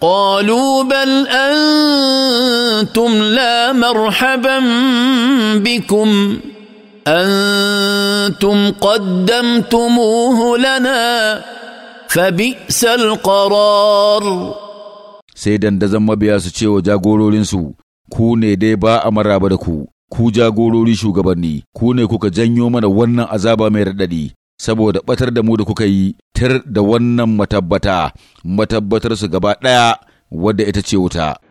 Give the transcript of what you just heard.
قالوا بل انتم لا مرحبا بكم انتم قدمتموه لنا فبئس القرار sai dandazon mabiya su ce wa jagororinsu ku ne dai ba a maraba da ku ku jagorori shugabanni ku ne kuka janyo mana wannan azaba mai raɗaɗi saboda batar da mu da kuka yi tar da wannan matabbata matabbatar su gaba ɗaya wadda ita ce wuta